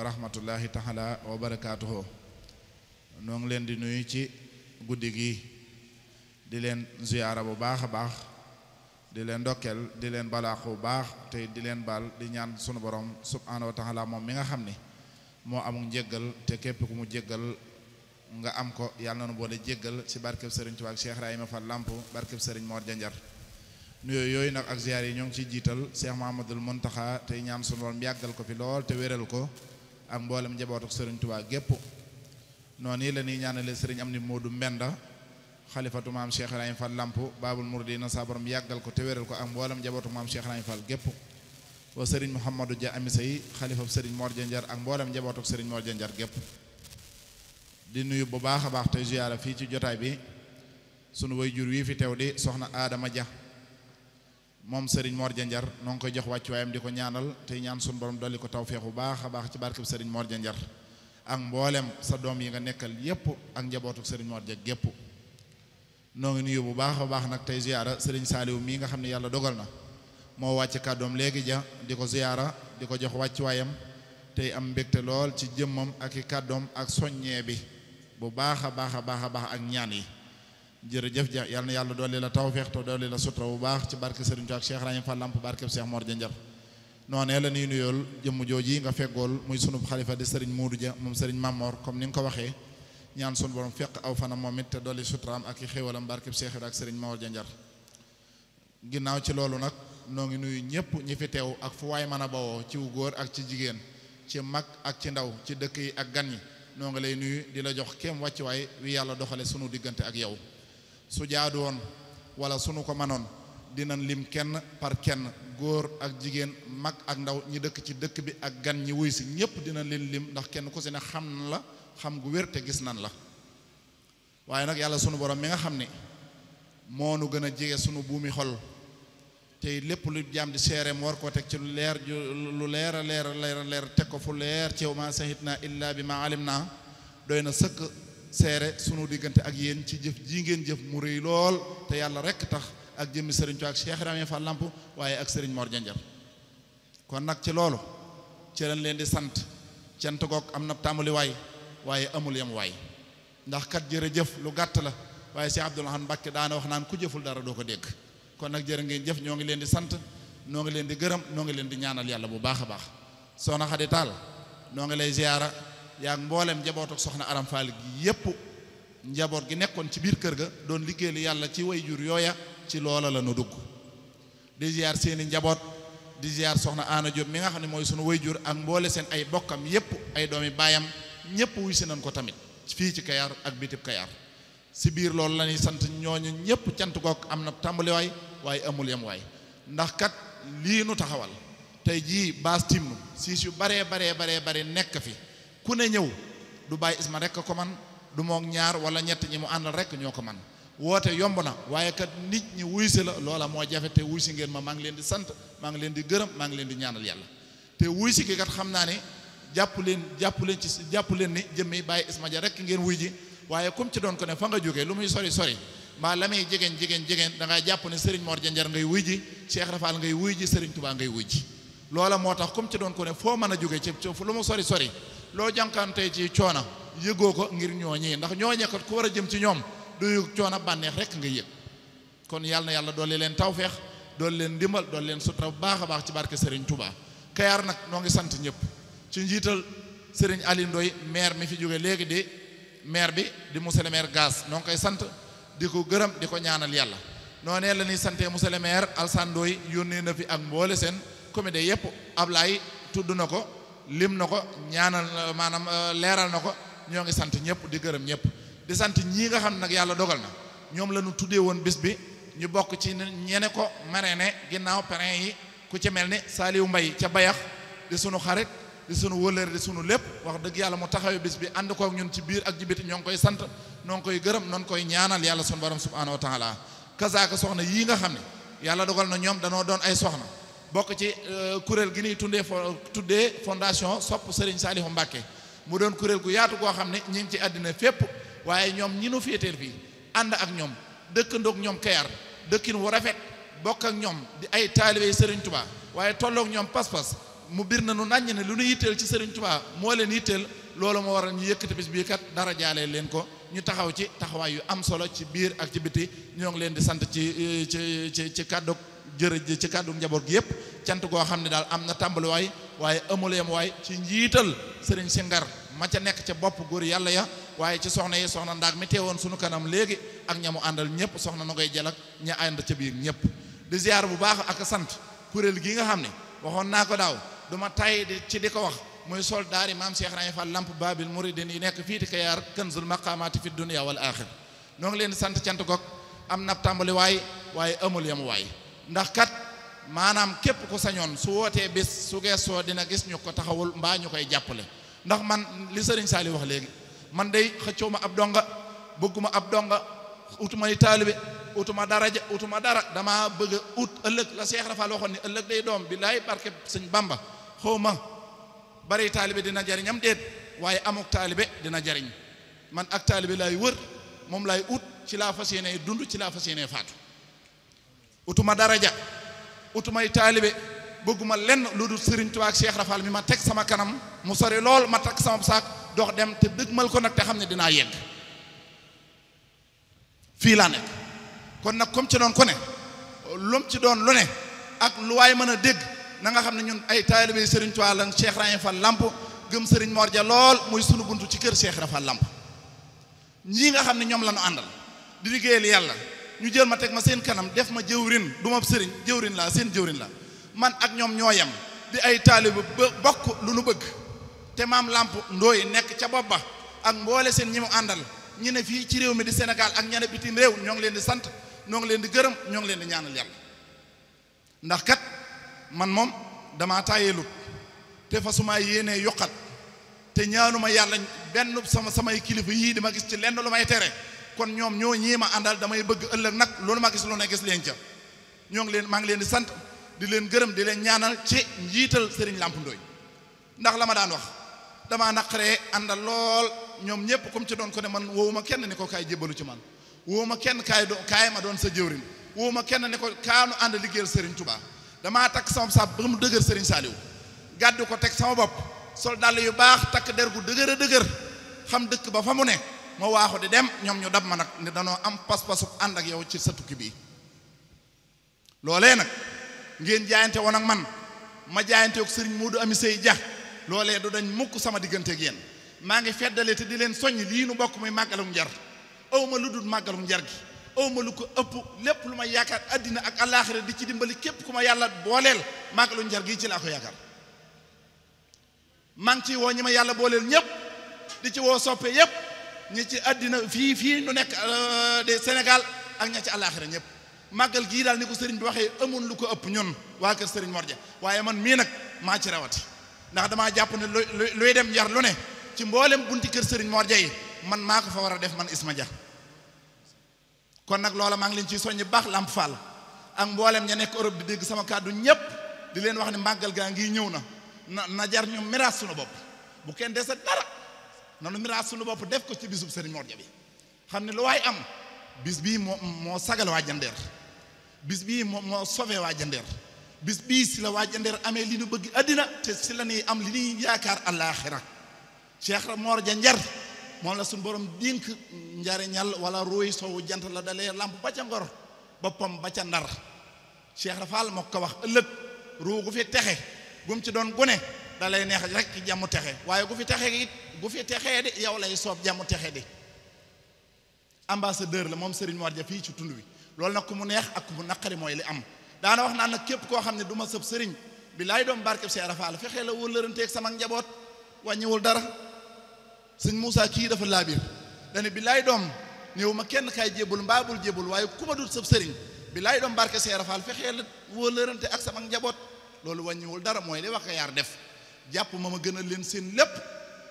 wa rahmatullahi taala wa barakaatuhu noo ngi leen di nuyu ci guddi gi di leen ziyaara bu baax a baax di leen ndokkeel di leen balaaxu bu baax te di leen baal di ñaan sunu borom subhaanahu wa taala moom mi nga xam ni moo amul njéggal te képp ku mu jéggal nga am ko yàlla na nu boole jéggal ci barkeb sëriñ Tuubaa ak Cheikh Rahima Fall Lamp barkeb sëriñ Mor Janjar nuyoo yooyu nag ak ziyaar yi ñoo ngi ciy jiital Cheikh mën taxa tey ñaan sunu borom yàggal ko fi lool te wéral ko ak mboolem njabootu sëriñ Tuubaa gépp noonu yi la ni ñaanale serigne amni modou menda khalifatu mam Cheikh Ibrahima Fall Lamp babul murdi na sabaram yagal ko te wéral ko ak mboolem njabootu mam Cheikh Ibrahima Fall gep wa serigne Mouhamadou Dia amisa yi xalifab sëriñ Mor Janjar ak mboolem njabootu serigne mordian jar gep di nuyu bu baakha a baax te ziyara fi ci jotay bi sunu way jur wii fi tewde soxna Adama Dia moom Serigne Mor Janjar noo ngi koy jox wàccuwaayam di ko ñaanal tey ñaan sun borom dolli ko tawféex bu baax a baax ci barkeb Serigne Mor Janjar ak mbooleem sa doom yi nga nekkal yépp ak njabootuk Serigne Mor gépp noo ngi nuyu bu baax a baax nag tey ziyaara Serigne Saliou mii nga xam ne yàlla dogal na moo wàcc kàddoom léegi ja di ko ziyaara di ko jox wàccuwaayam tey am mbégte lool ci jëmmam ak i kàddoom ak soññee bi bu baax a baax a baax a baax ak ñaan yi jërëjëf yal na yàlla dolli la tawfeex te dolli la sutura bu baax ci barke Serigne Touba ak Cheikh Rahim Fall Lamp barkeb Cheikh Mor Janjar noonee la nuy nuyool jëmm jooji nga feggool muy sunub xalifa di Serigne Modou Dia moom Serigne Mamor comme ni nga ko waxee ñaan sun borom fekk fana moom it te dolli suturaam ak i xéwalam barkeb Cheikh ak Serigne Mor Janjar ginnaaw ci loolu nag noo ngi nuyu ñëpp ñi fi teew ak fu waay mën a bawoo ci góor ak ci jigéen ci mag ak ci ndaw ci dëkk yi ak gan yi noo ngi lay nuyu di la jox kem wàcc waay wi yàlla doxale sunu diggante ak yow su jaadu woon wala sunu ko manoon dinañ lim kenn par kenn góor ak jigéen mag ak ndaw ñi dëkk ci dëkk bi ak gan ñi wuy si ñépp dina leen lim ndax kenn ku si ne xam na la xam gu wér te gis nan la waaye nag yàlla sunu borom mi nga xam ni nu gën a jege sunu buumi xol te lépp lu jaam di mu war koo teg ci lu leer lu leer a leer a leer leer teg ko fu leer ci yow ma sahit naa illaa bi ma alim naa doy na sëkk seere sunu diggante ak yéen ci jëf ji ngeen jëf mu rëy lool te yàlla rekk tax ak jëmmi sëriñ Tuubaa ak Cheikh Ramé Fall Lamp waaye ak sëriñ Mor Janjar kon nag ci loolu ci lañ leen di sant cant goog am na tàmbali waaye amul yam waay ndax jërëjëf lu gàtt la waaye Cheikh Abdoul Ahad Mbacké daana wax naan ku jëful dara doo ko dégg kon nag jërë ngeen jëf ñoo ngi leen di sant noo ngi leen di gërëm noo ngi leen di ñaanal yàlla bu baax a baax soxna Xadi Taal noo ngi lay ziyaara yaa mbooleem njaboot ak soxna aram faal gi yépp njaboot gi nekkoon ci biir kër ga doon liggéeyal yàlla ci way jur yooya ci loola la nu dugg di ziar seeni njaboot di ziar soxna Ana Diop mi nga xam ne mooy sunu way jur ak mboole seen ay bokkam yépp ay doomi baayam ñépp wuy si nañ ko tamit fii ci kayaar ak bitib Kayar si biir loolu la sant ñooñu ñépp cant goog am na tàmbaliwaay waaye amul yem waay ndax kat lii nu taxawal tey jii baas timnu siis yu baree baree baree bare nekk fi ku ne ñëw du bàyyi isma rek ko man du moog ñaar wala ñett ñi mu àndal rek ñoo ko man woote yomb na waaye kat nit ñi wuy si la loola moo jafe te wuy si ngeen ma maa ngi leen di sant maa ngi leen di gërëm maa ngi leen di ñaanal yàlla te wuy si ki kat xam naa ne jàpp leen jàpp leen ci jàpp leen ni jëmmi bàyyi isma ja rek ngeen wuy ji waaye comme ci doon ko ne fa nga jóge lu muy sori sori mbaa la muy jegeen jegeen jegeen da ngaa jàpp ne Serigne Mor Janjar ngay wuy ji Cheikh Rafal ngay wuy ji Serigne Touba ngay wuy ji loola moo tax comme ci doon ko foo mën a jógee ci lu mu sori sori loo jànkante ci coona yëgoo ko ngir ñooñi ndax ñoo kat ku war a jëm ci ñoom du yëg coona bànneex rek nga yëg kon yàlla yàlla doole leen tawfeex doole leen dimbal doole leen sutura bu baax a baax ci barke Serigne Touba Kayar nag noo ngi sant ñëpp ci njiital Serigne alindooy Ndoye maire mi fi jóge léegi di maire bi di monsieur le maire Gass noo ngi koy sant di ko gërëm di ko ñaanal yàlla noo noonee la ñuy santee monsieur le maire Alsane Ndoye yónnee na fi ak mboole seen comité yëpp Ablaye tudd na ko. lim na ko ñaanal maanaam euh, leeral na ko ñoo ngi sant ñëpp di gërëm ñëpp di sant ñii nga xam nag yàlla dogal na ñoom la ñu tuddee woon bis bi ñu bokk ci ñene ko marraine ginnaaw parrain yi ku ci mel ni Saliou mbay ca Bayax di sunu xarit di sunu wëllëre di sunu lépp wax dëgg yàlla mu taxawee bis bi ànd kook ñun ci biir ak ci ñoo ngi koy sant noo ngi koy gërëm noo ngi koy ñaanal yàlla suñu borom subhanahu wa taala kazaaka soxna yii nga xam ne yàlla dogal na ñoom danoo doon ay soxna bokk ci euh, kuréel gi ñuy tundee tuddee fondation sopp Serigne Saliou Mbacké mu doon kuréel gu yaatu goo xam ne ñi ngi ci àddina fépp waaye ñoom ñi nu féetéer fii ànd ak ñoom dëkkandoog ñoom Kayar dëkkin wu rafet bokk ak ñoom di ay taalibey sëriñ Touba waaye tollook ñoom pas-pas mu biir na nu nàññ ne lu nu yitteel ci Serigne Touba moo leen yitteel loolu moo waral ñu yëkk bis bii kat dara jaalee leen ko ñu taxaw ci taxawaay yu am solo ci biir ak ci biti ñoo ngi leen di sant ci ci ci ci kàddu jërëjëf ci kàddu njaboot gi yëpp cant goo xam ne daal am na tàmbaliwaay waaye amul yem waay ci njiital sëriñ si ngar ma ca nekk ca bopp góor yàlla ya waaye ci soxna yi soxna ndaag mi teewoon sunu kanam léegi ak ñamu àndal ñëpp soxna na koy jël ak ña ànd ca biir ñëpp di ziar bu baax ak sant kuréel gii nga xam ne waxoon naa ko daaw du ma tay ci di ko wax muy soldaar yi maam Cheikh Rañe Fall lamp babil muridin yi nekk fii ti Kayaar kanzul maqaamaati fi dunya wal axir ñoo ngi leen di sant cant goog am na tàmbali waay waaye amul ndax kat maanaam képp ku sañoon su wote bés su geesoo dina gis ñu ko taxawul mbaa ñu koy jàppale ndax man li serigne Saliou wax legi man day xëccoo ab donga bëgguma ab donga utuma ni talibé utuma daraja utuma dara dama bëgg a ut ëllëg la Cheikh Rafal waxon ni ëlëk day dom billahi barke sëñ Bamba xaw bari talibé dina jariñ am déet waye amuk talibé dina jariñ man ak talibé lay wër mom lay ut ci la fas yéenee dund ci la fas fatou utuma daraja utumay taalibe bëgguma lenn lu dul Sëriñ Tuubaa ak Cheikh Rafal mi ma teg sama kanam mu sori lool ma takk sama saak dox dem te mal ko nag te xam ne dinaa yegg fii laa nekk kon nag comme ci doon ko ne lum ci doon lu ne ak lu waaye mën a dégg nanga xam ne ñun ay taalibe Sëriñ Tuubaa lan Cheikh Rafal gëm Sëriñ Mor Ja lool muy sunu buntu ci kër Cheikh Rafal lamp ñii nga xam ne ñoom la ñu àndal di liggéeyal yàlla ñu jël ma teg ma seen kanam def ma jëwrin du ma sëriñ jëwrin laa seen jëwrin laa man ak ñoom ñoo yem di ay taalibu bokk lu nu bëgg te maam làmp ndooy nekk ca bopp ba ak mboole seen ñi àndal ñi ne fii ci réew mi di Sénégal ak ñane bitim réew ñoo ngi leen di sant ñoo ngi leen di gërëm ñoo ngi leen di ñaanal yàlla ndax kat man moom damaa tàyyeelut te fasumaa yéenee yokkat te ñaanuma yàlla benn sama samay kilifa yii dama gis ci lenn lu may tere kon ñoom ñoo ñii ma àndal damay bëgg ëllëg nag loolu ma gis lu ne gis leen ca ñoo ngi leen maa ngi leen di sant di leen gërëm di leen ñaanal ci njiital sëriñ Lamp Ndoy ndax la ma daan wax damaa naqaree àndal lool ñoom ñëpp comme ci doon ko ne man woowuma kenn ni ko kaay jébbalu ci man woowuma kenn kaay do kaay ma doon sa jëwrin woowuma kenn ni ko kaanu ànd liggéeyal sëriñ Touba damaa takk sama sab ba mu dëgër sëriñ Saaliw gàddu ko teg sama bopp sol dàll yu baax takk der gu dëgër a dëgër xam dëkk ba fa mu ne ma waaxu di dem ñoom ñu dab ma nag ne danoo am pas-pasu ànd ak yow ci sa tukki bii loolee nag ngeen jaayante woon ak man ma jaayante ak sëriñ Moodu Ami Sey Dia loolee du dañ mukk sama digganteeg yéen maa ngi feddale te di leen soññ lii nu bokk muy màggalum njar awma lu dul màggalum njar gi awma lu ko ëpp lépp lu ma yaakaar addina ak àllaaxira di ci dimbali képp ku ma yàlla booleel màggalum njar gi ci laa ko yaakaar maa ngi ciy woo ñi ma yàlla booleel ñëpp di ñi ci àddina fii fii nu nekk euh, de Sénégal ak ña ci àllaaxira ñëpp màggal gii daal ni ko sëriñ bi waxee amoon lu ko ëpp ñun waa kër sëriñ Mor Dia waaye man mii nag maa ci rawati ndax damaa jàpp ne luy dem yar lu ne ci mboolem bunti kër sëriñ Mor yi man maa ko fa war a def man Isma Dia kon nag loola maa ngi leen ciy soññ baax làmp Fall ak mboolem ña nekk Europe di dégg sama kàddu ñëpp di leen wax ne màggal gaa ngi ñëw na na na jar ñu miraas suñu bopp bu nanu miraas suñu bopp def ko ci bisub Serigne Mor Dia bi xam ne lu waay am bis bii moo moo sagal waa Jandeer bis bii moo moo sauvé waa Jandeer bis bii si la waa Jandeer amee li nu bëgg àddina te si la ñuy am li ñuy yaakaar àllaaxira Cheikh Mor Dia Njar moom la suñu borom dénk njare ñal wala ruuy sowu jant la dalee làmp ba ca ngor boppam ba ca ndar Cheikh Rafal moo ko wax ëllëg ruu gu fi texe bu mu ci doon gone dalay neex rek jamu texe waye gu fi texe it gu fi texe de yow lay soob jamu texe de ambassadeur la mom Serigne Mor fi ci tundu wi lol nak ku mu neex ak ku mu naqari mooy li am da na wax nan nag képp koo xam ne du ma sëb sëriñ bi laay doom barkeb Seex Ibra Faal fexee la wóllëranteeg sama njaboot wàññiwul dara serigne Moussa ki dafa labir dani bi lay dom néew ma kenn kay jébul mbabul jébul waye kuma dut dul serigne bi lay dom barke Seex Ibra Faal fexee la wóllërante ak sama njabot lolou wàññiwul dara moy li wax yar def jàpp ma ma gën gënal leen seen lépp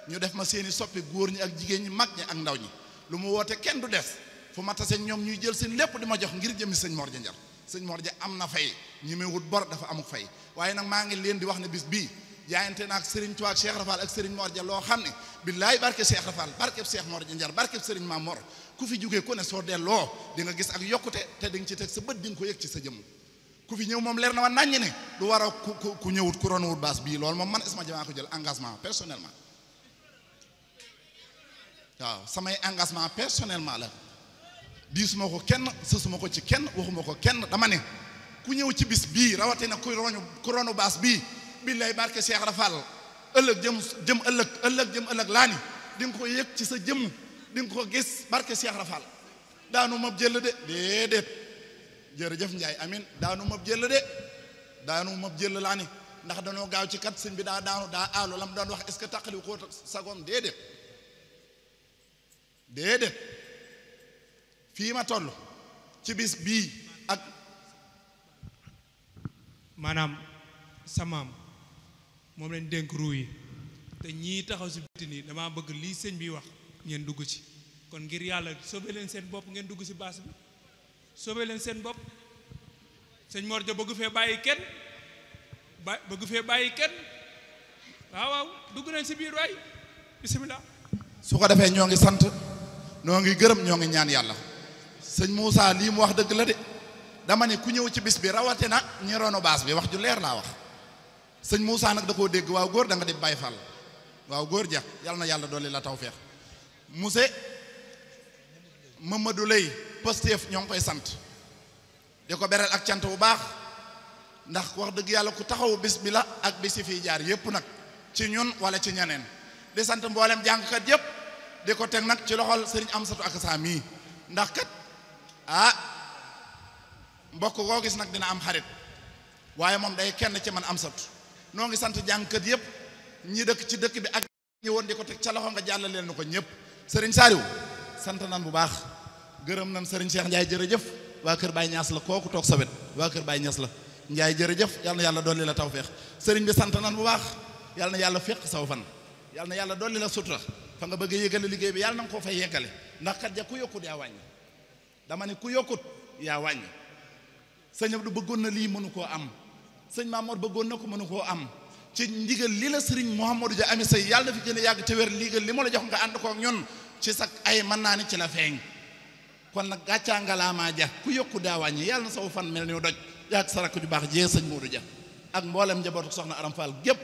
ñu def ma seeni soppi góor ñi ak jigéen ñi mag ñi ak ndaw ñi lu mu woote kenn du des fu ma tasee ñoom ñuy jël seen lépp di ma jox ngir jëmmi sëñ Mor Dia Njar sëñ Mor ja am na fay ñi may wut bor dafa amuk fay waaye nag maa ngi leen di wax ne bis bii jaayante naa ak Serigne Touba ak Cheikh Rafal ak Serigne Mor Dia loo xam ne billaay barke Cheikh Rafal barkeb Cheikh Mor Dia Njar barkeb Serigne Maam Mor ku fi jógee ku ne soo delloo dinga gis ak yokkute te di nga ci teg sa bët di nga ci sa jëmm ku fi ñëw moom leer na wa naññ lu war a ku ku ku ñëwut ku ronwut baas bii loolu moom man Isma Jamaa ko jël engagement personnellement waaw samay engagement personnellement la diisuma ko kenn sësuma ko ci kenn waxuma ko kenn dama ne ku ñëw ci bis bii rawatina ku ku ronu baas bii billaay barke Cheikh Rafal ëllëg jëm ëllëg ëllëg jëm ëllëg laa ni di ko yëg ci sa jëm di nga ko gis barke Cheikh Rafal daanu mab jël de déedéet jërëjëf Njaay amin daanu mab jël de daanu ma jël laa ni ndax danoo gaaw ci kat sëñ bi daa daanu daa aalu lam doon wax est-ce que tàqali sagon ak sagoom déedéet déedéet fii ma toll ci bis bii ak maanaam samaam moom leen dénk ruu yi te ñii taxaw si biti nii damaa bëgg lii sëñ bi wax ngeen dugg ci kon ngir yàlla sobe leen seen bopp ngeen dugg si baas bi sobe leen seen bopp sëñ Mor ja bëgg fee bàyyi kenn ba bëgg fee bàyyi kenn waaw waaw dugg nañ si biir waay bisimilah. su ko defee ñoo ngi sant noo ngi gërëm ñoo ngi ñaan yàlla sëñ Moussa lii mu wax dëgg la de dama ne ku ñëw ci bis bi rawatina ñi roonu baas bi wax ju leer laa wax sëñ Moussa nag da koo dégg waaw góor da nga di Baay Fall waaw góor ja yàlla na yàlla dolli la tawféex monsieur Mamadou Lay Pastef ñoo ngi koy sant. di ko beral ak cant bu baax ndax wax dëgg yàlla ku taxaw bis bi ak bis yi fiy jaar yépp nag ci ñun wala ci ñeneen di sant mboolem jàngkat yépp di ko teg nag ci loxol sëriñ Amsatu ak saa mii ndax kat ah mbokk koo gis nag dina am xarit waaye moom day kenn ci man Amsatu noo ngi sant jàngkat yépp ñi dëkk ci dëkk bi ak ñi woon di ko teg ca loxo nga jàllaleen na ko ñëpp sëriñ Saliou sant nan bu baax gërëm na sëriñ Cheikh Ndiaye jërëjëf waa kër Baye Niass la kooku toog sa wet waa kër Baye Niass la Ndiaye jërëjëf yàlla na yàlla dolli la tawféex sëriñ bi sant nan bu waax yàlla na yàlla féq saw fan yal na yàlla dolli la sutura fa nga bëgg a yëgale liggéey bi yàlla na nga koo fay yeggale ndax kat ja ku yokkut yaa wàññi dama ne ku yokkut yaa wàññi sëñ Abdou bëggoon na lii mënu koo am sëñ Mamour bëggoon na ko mënu koo am ci ndigal li la sëriñ Mouhamadou Dia ami say yàlla na fi gën yàgg te wér liigal li ma la jox nga ànd ko ñun ay mën naa ni ci la feeñ kon nag gàccaa ngalaamaa ja ku yokku daawaaññi yàlla na saw fan mel ni doj yaag sarak ju baax jee sañ Modou ja ak mboolem njabootu soxna Aram Fall gépp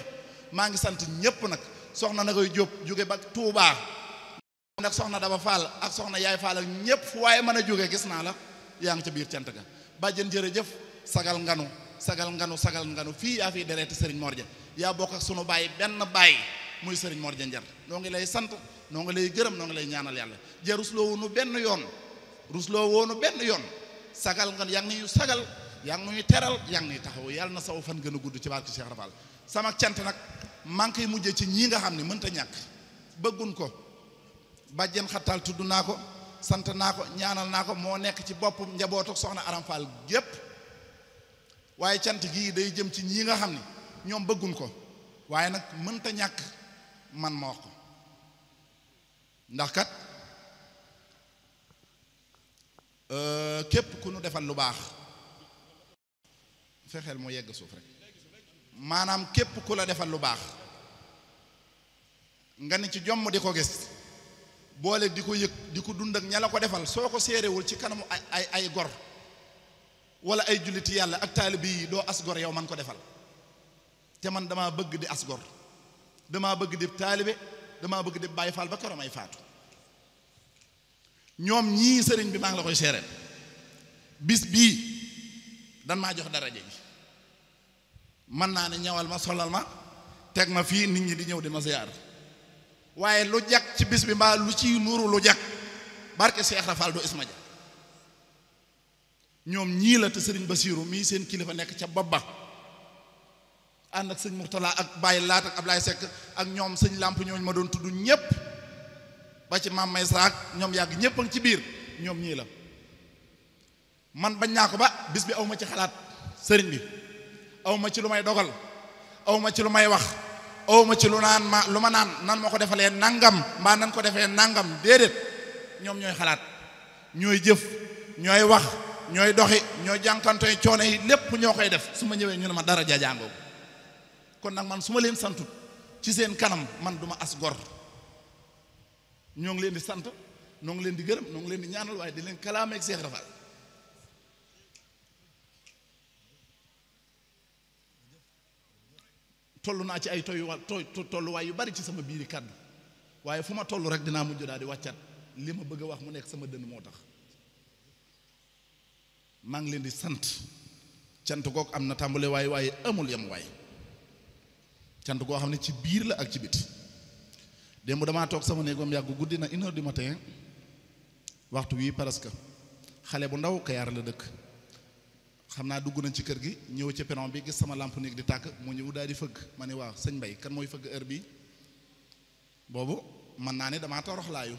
maa ngi sant ñépp nag soxna na koy jóg jóge ba Touba. nag soxna Daba Fall ak soxna Yaay Fall ak ñépp fu waaye mën a jóge gis naa la yaa ngi ca biir cant ga bàjjen jërëjëf sagal nganu sagal nganu sagal nganu fii yaa fii dereeti Serigne Mor ja yaa bokk ak sunu baay benn baay muy Serigne Mor ja noo ngi lay sant noo ngi lay gërëm noo lay ñaanal yàlla jarusloowu nu benn yoon rusloo woonu benn yoon sagal nga yaa ngi ñuy sagal yaa ngi ñuy teral yaa ngi ñuy taxaw yàlla na saw fan gën gudd ci barke Cheikh Rafal sama cant nag maa yi koy ci ñii nga xam ne mënta ñàkk bëggun ko bàjjen xattal tudd naa ko sant naa ko ñaanal naa ko moo nekk ci bopp njabootu soxna Aram Fall yépp waaye cant gii day jëm ci ñii nga xam ne ñoom bëggun ko waaye nag mënta ñàkk man ma wax ko ndax kat Euh, képp ku nu defal lu baax fexeel mu yegg suuf rek maanaam képp ku la defal lu baax nga ne ci jomm di ko gis boole di ko yëg di ko dund ak ña la ko defal soo ko séeréwul ci kanamu ay ay ay gor wala ay julliti yàlla ak taalibi yi doo as gor yow man ko defal te man damaa bëgg di as gor damaa bëgg di taalibe damaa bëgg di bàyyi faal ba keroog may faatu ñoom ñii sëriñ bi maa ngi la koy seereel bis bii dan maa jox daraja ji mën naa ne ñawal ma solal ma teg ma fii nit ñi di ñëw di ma ziyaar waaye lu jàkk ci bis bi mbaa lu ci nuuru lu jàkk barke Seex Rafal do isma ja ñoom ñii la te sëriñ Basiiru mii seen kilifa nekk ca bopp ba ànd ak sëñ Murtala ak Baye Laat ak Ablaye Seck ak ñoom sëñ làmp ñooñu ma doon tudd ñépp ba ci maam may saak ñoom yàgg ñëpp ci biir ñoom ñii la man bañ naa ko ba bis bi aw ma ci xalaat sëriñ bi aw ma ci lu may dogal aw ma ci lu may wax aw ma ci lu naan ma lu ma naan nan ma ko defalee nangam mbaa nan ko defee nangam déedéet ñoom ñooy xalaat ñooy jëf ñooy wax ñooy doxi ñooy jànkantoy coono yi lépp ñoo koy def su ma ñëwee ñu ne ma dara jaajaangoo kon nag man su leen santut ci seen kanam man duma as gor ñoo ngi leen di sant ñoo ngi leen di gërëm ñoo ngi leen di ñaanal waaye di leen kalaameeg Seex Ibra Faal naa ci ay toyuwa tolluwaay yu bari ci sama biiri kàddu waaye fu ma toll rek dinaa mujj daal di wàccaat li ma bëgg a wax mu nekk sama dënn moo tax maa ngi leen di sant cant goog am na tàmbale waaye waaye amul yam waay cant goo xam ne ci biir la ak ci bit dem dama tok sama néegam yàgg guddi na une heure du matin waxtu wi presque xalé bu ndaw kayar la dekk xamna duggu na ci kër gi ñew ci peron bi gis sama lampe nek di tak mu daal di feug mané wa señ bay kan moy feug heure bi bobu man naa dama torox toroxlaayu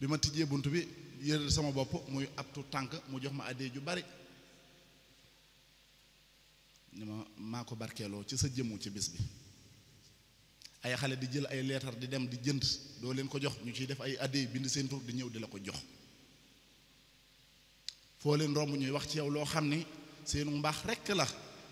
bi ma tijjee bi yeral sama bop moy abtu tank mu jox ma adé ju bari ni mako barkelo ci sa jëm ci bis bi ay xale di jël ay leetar di dem di jënd doo leen ko jox ñu ciy def ay adde bind seen tur di ñëw di la ko jox foo leen romb ñuy wax ci yow loo xam ni seenu mbaax rekk la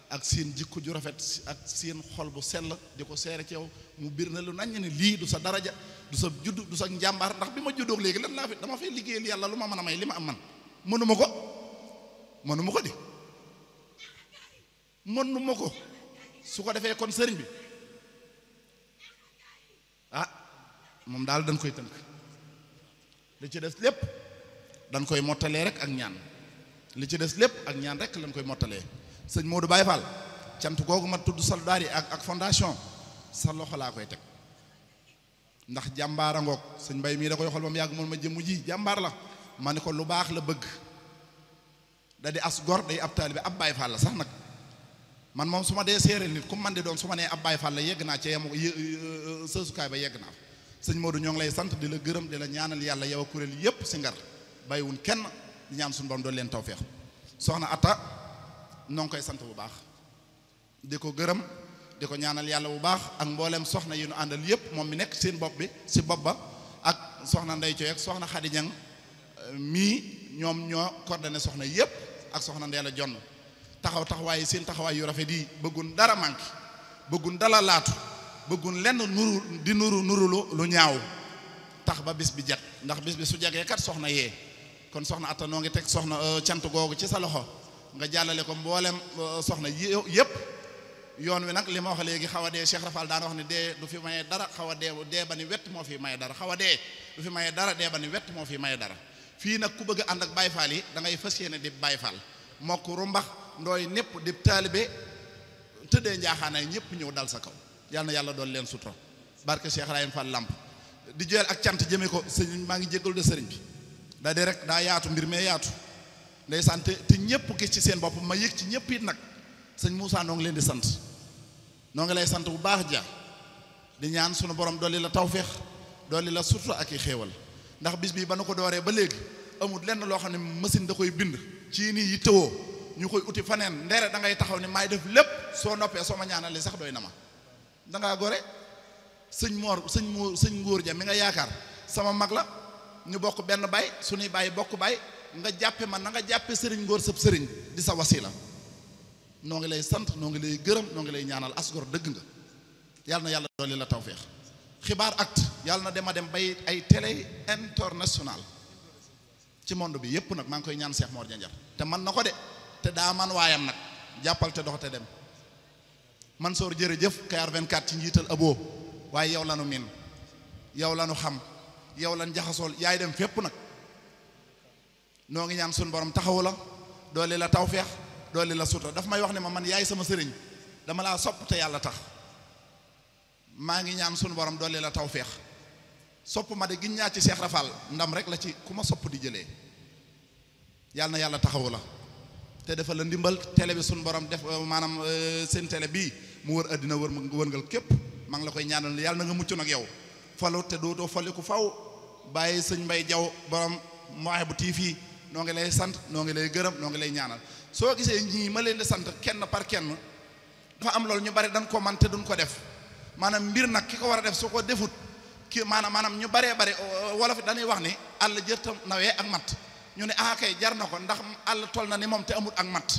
ak seen jikko ju rafet ak seen xol bu sell di ko seere ci yow mu biir na lu nañ ne lii du sa daraja du sa judd du sa njàmbaar ndax bi ma juddoog léegi lan laa fi dama fay liggéeyal yàlla lu ma mën a may li ma am man mënuma ko mënuma ko di mënuma ko su ko defee kon sëriñ bi moom daal dañ koy tënk li ci des lépp dañ koy mottalee rek ak ñaan li ci des lépp ak ñaan rek lañ koy mottalee sëñ Modou Baye Fall cant googu ma tudd soldaar yi ak ak fondation sa loxo laa koy teg ndax jàmbaara ngoog sëñ Baye mii da koy xool ba mu yàgg moom ma jëmm ji jàmbaar la ma ne ko lu baax la bëgg da di as gor day ab taalibe ab Baye Fall la sax nag man moom su ma dee séeréer nit ku man di doon su ma nee ab Baye Fall la yegg naa ca yem sësukaay ba yegg naa sëñ Modou ñoo ngi lay sant di la gërëm di la ñaanal yàlla yow kuréel yépp si ngar bàyyiwun kenn di ñaan suñu borom doon leen tawféex soxna Atta noo ngi koy sant bu baax di ko gërëm di ko ñaanal yàlla bu baax ak mbooleem soxna yi nu àndal yépp moom mi nekk seen bopp bi si bopp ba ak soxna Ndey Coy ak soxna Xadi euh, mii ñoom ñoo coordonné soxna yépp ak soxna Ndeela Jonn taxaw taxawaay seen taxawaay yu rafet yi bëggun dara manqué bëggun dala laatu bëggun lenn nuru di nuru nuru lu ñaaw tax ba bis bi jag ndax bis bi su jagee kat soxna yee kon soxna atta noo ngi teg soxna euh, cant googu ci sa loxo nga jàllale ko mboolem euh, soxna yëpp yoon wi nag li ma wax léegi xaw a dee Cheikh Rafal daana wax ne dee du fi maye dara xaw a dee dee ba ni wet moo fi maye dara xaw a dee du fi maye dara dee ba ni wett moo fi maye dara fii nag ku bëgg ànd ak Baye yi da ngay fas yéene di Baye Fall mokk rumbax ndooy népp di taalibe tëddee yi ñëpp ñëw dal sa kaw yal yàlla doon leen sutura barke Cheikh Rahim Fall Lamp di jël ak cant jëmee ko sëñ maa ngi jégalu de sëriñ bi daa di rek daa yaatu mbir mee yaatu nday sant te ñëpp gis ci seen bopp ma yëg ci ñëpp it nag sëñ Moussa noo ngi leen di sant noo ngi lay sant bu baax ja di ñaan sunu borom dolli la tawféex dooli la sutura ak i xéewal ndax bis bii ba nu ko dooree ba léegi amul lenn loo xam ne machine da koy bind ci nii yittewoo ñu koy uti faneen ndere da ngay taxaw ne maay def lépp soo noppee soo ma ñaanalee sax doy na ma da ngaa gore sëñ moor sëñ moor sëñ ngóor ja mi nga yaakaar sama mag la ñu bokk benn baay suñuy baay bokk baay nga jàppe man na nga jàppe sëriñ ngóor sëb sëriñ di sa wasila noo ngi lay sant noo ngi lay gërëm noo ngi lay ñaanal asgor dëgg nga yàlla na yàlla yi la tawféex xibaar acte yàlla na dem a dem bay ay télé international ci monde bi yépp nag maa ngi koy ñaan Cheikh Mor Janjar te man na ko de te daa man waayam nag jàppal te dox dem man Mansoor jërëjëf Cayar 24 ci njiital aboo waaye yow lanu min yow lanu xam yow lan jaxasool yaay dem fépp nag noo ngi ñaan sun borom taxawu la doole la tawfeex doole la suto daf may wax ne ma man yaay sama sëriñ dama laa sopp te yàlla tax maa ngi ñaan sunu borom doole la tawfeex sopp ma de giñ ñaa ci Seex Rafal ndam rek la ci ku ma sopp di jëlee yàlla na yàlla taxawu la te defal la ndimbal tele bi suñu borom def euh, maanaam euh, seen télé bii mu wër àddina wër wërngal képp maa ngi la koy ñaanal yàlla na nga mucc nag yow falu te dootoo faliku faw bàyyi sëñ Mbay Jaw borom bu TV noo ngi lay sant noo ngi lay gërëm noo ngi lay ñaanal soo gisee ñii ma leen di sant kenn par kenn dafa am loolu ñu bari dañ ko man te duñ ko def maanaam mbir nag ki ko war a def soo ko defut ki maanaam maanaam ñu baree bari wolof dañuy wax ni àll jërtam nawee ak matt ñu ne ah jar na ko ndax àll toll na ni moom te amul ak mat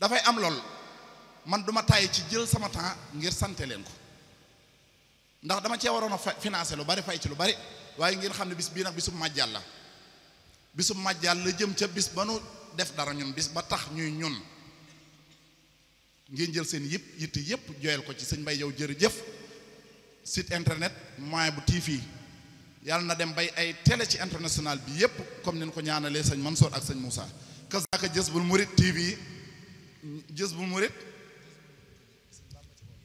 dafay am lool man duma tàyyi ci jël sama temps ngir sante leen ko ndax dama cee waroon a financé lu bari fay ci lu bari waaye ngeen xam ne bis bii nag bisum màjjal la bisum màjjal la jëm ca bis ba nu def dara ñun bis ba tax ñuy ñun ngeen jël seen yëpp yitt yëpp joyal ko ci sañ Mbay yow jëf site internet moyen bu TV yàlla na dem bay ay télé ci international bi yépp comme ni ñu ko ñaanalee sëñ Mansour ak sañ sëñ Moussa kazaka Jazbul Murid TV Jazbul Murid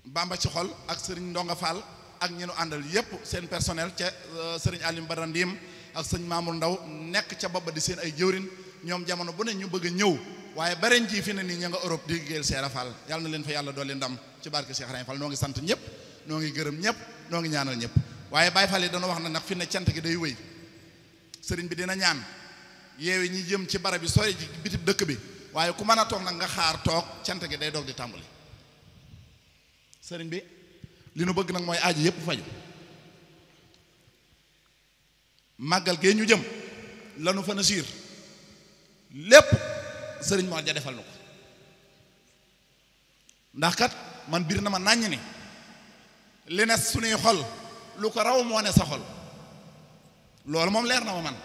Bamba ci xol ak sëriñ Ndonga Fall ak ñi àndal yépp seen personnel ca euh, sëriñ Alim Barandim ak sañ Mamour Ndaw nekk ca booba di seen ay jëwrin ñoom jamono bu ne ñu bëgg a ñëw waaye bareen ji fi ne nii ña nga Europe di géel Seera Fall yàlla na leen fa yàlla dolli ndam ci barke Cheikh Rahim Fall noo ngi sant ñëpp noo ngi gërëm ñëpp noo ngi ñaanal ñëpp waaye Baay Faal yi dañoo wax na nag fi ne cant gi day wéy sëriñ bi dina ñaan yeewe ñi jëm ci barab bi sori bitib dëkk bi waaye ku mën a toog nag nga xaar toog cant gi day doog di tàmbali sëriñ bi li nu bëgg nag mooy aaji yépp faju màggal gee ñu jëm lanu fa na siir lépp sëriñ Mor ja defal nu ko ndax kat man biir na ma nàññ ni li ne suñuy xol lu ko raw moo ne sa xol loolu moom leer na ma man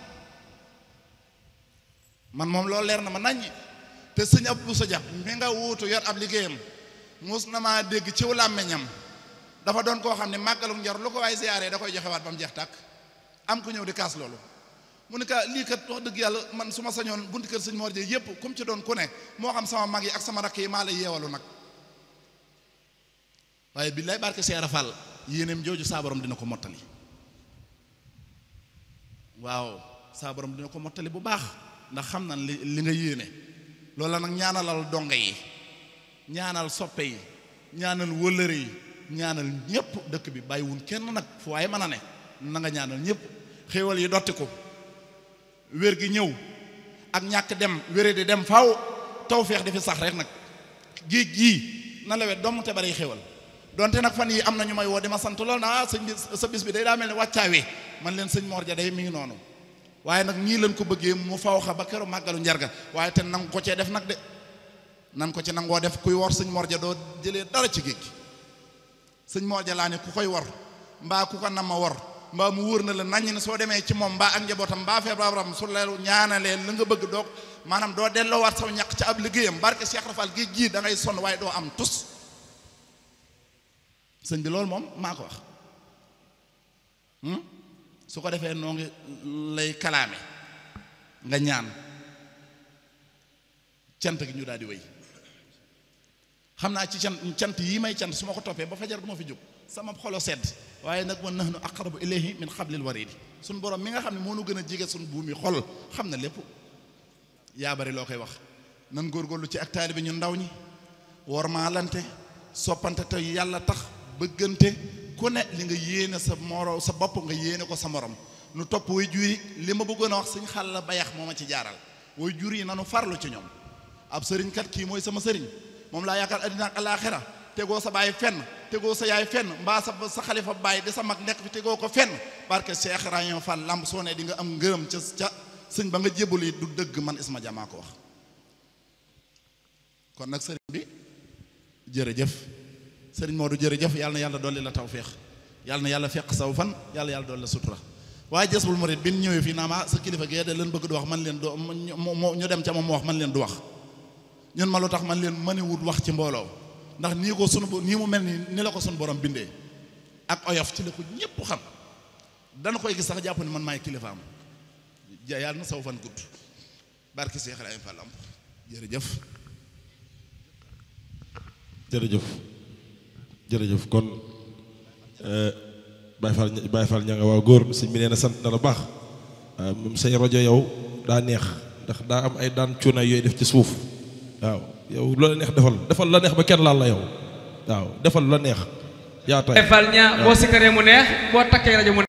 man moom loolu leer na ma naññi te sëñ ab bu sa jax mi nga wuutu yor ab liggéeyam mus na maa dégg ciw làmmiñam dafa doon koo xam ne màggalu njar lu ko waaye ziyaaree da koy joxewaat ba mu jeex tàkk am ku ñëw di kaas loolu mu ne ka lii kat wax dëgg yàlla man su ma sañoon bunti kër sëñ Mor Dieye yëpp comme ci doon ku ne moo xam sama mag yi ak sama rakk yi maa la yeewalu nag waaye billaay barke seera yéeneem jooju saa dina ko mottali waaw saa borom dina ko mottali bu baax ndax xam na li li nga yéene loola nag ñaanalal donga yi ñaanal soppe yi ñaanal wëllëre yi ñaanal ñëpp dëkk bi bàyyiwun kenn nag fu waaye man a ne nanga nga ñaanal ñëpp xéewal yi dotti ko wér gi ñëw ak ñàkk dem wére di dem faaw tawfeex di fi sax rek nag géej gii na lawet doomu te bari xéewal donte nag fan yi am na ñu may woo di ma sant lool na ah sa bis bi day daa mel ni wàccaawee man leen sëñ Mor ja day mi ngi noonu waaye nag ñii leen ko bëggee mu faw xa ba keroog màggalu njarga waaye te nangu ko cee def nag de nan ko ci nangoo def kuy wor sëñ Mor ja doo jëlee dara ci géej sëñ Mor ja laa ne ku koy wor mbaa ku ko nam ma wor mbaa mu wóor na la naññ ne soo demee ci moom mbaa ak njabootam mbaa feebaram su la ñaanalee la nga bëgg doog maanam doo delloowaat saw ñàq ci ab liggéeyam barke Cheikh Rafal géej gii da ngay sonn waaye doo am tus sën bi loolu moom maa ko wax hmm? su ko defee noo ngi lay kalaame nga ñaan cant gi ñu daal di wéy xam naa ci cant cant yi may cant su ma ko toppee ba fajar du fi jóg sama xolo sedd waaye nag wa nahnu aqrabu ilayhi min xablil waridi suñ borom mi nga xam ne moo nu gën a jege suñ buumi xol xam na lépp yaa bari loo koy wax nan góorlu ci ak taalibe ñu ndaw ñi wormaalante soppante te yàlla tax bëggante ku ne li nga yéene sa moro sa bopp nga yéene ko sa morom nu topp way jur li ma bëggoon a wax suñ xal la bayax moo ma ci jaaral way jur yi nanu farlu ci ñoom ab sëriñ kat kii mooy sama sëriñ moom laa yaakaar addina ak alaaxira tegoo sa baay fenn tegoo sa yaay fenn mbaa sa sa xalifa baay di sa mag nekk fi tegoo ko fenn barke Cheikh Rayon Fall lamb soo ne dinga am ngërëm ca ca sëñ ba nga jébal yi du dëgg man Isma Dia maa ko wax kon nag sëriñ bi jërëjëf sëriñ Modou jërëjëf yàlla na yàlla dolli la tawféex yàlla na yàlla feq saw fan yàlla yàlla dolli la sutura waaye Jazbul Murid bin ñëwee fii naa ma sa kilifa gi da leen bëgg du wax man leen du ñu dem ca moom mu wax man leen du wax ñun ma lu tax man leen mëniwut wax ci mbooloo ndax nii ko sunu nii mu mel ni ni la ko sunu borom bindee ak oyof ci la ko ñëpp xam dana koy gis sax jàpp ne man maay kilifaam yàlla na saw fan gudd barki Seex Ibrahima Fall am jërëjëf jërëjëf jërëjëf kon euh, Baye Fall Baye Fall ña nga waa góor sëñ bi nee na sant na la baax euh, moom say rajo yow daa neex ndax daa am ay daan cuunaay yooyu def ci suuf waaw yow loola neex defal defal la neex ba kenn laal la yow waaw defal la neex yaa tay Baye ña boo sikkaree mu neex boo takkee rajo mu neex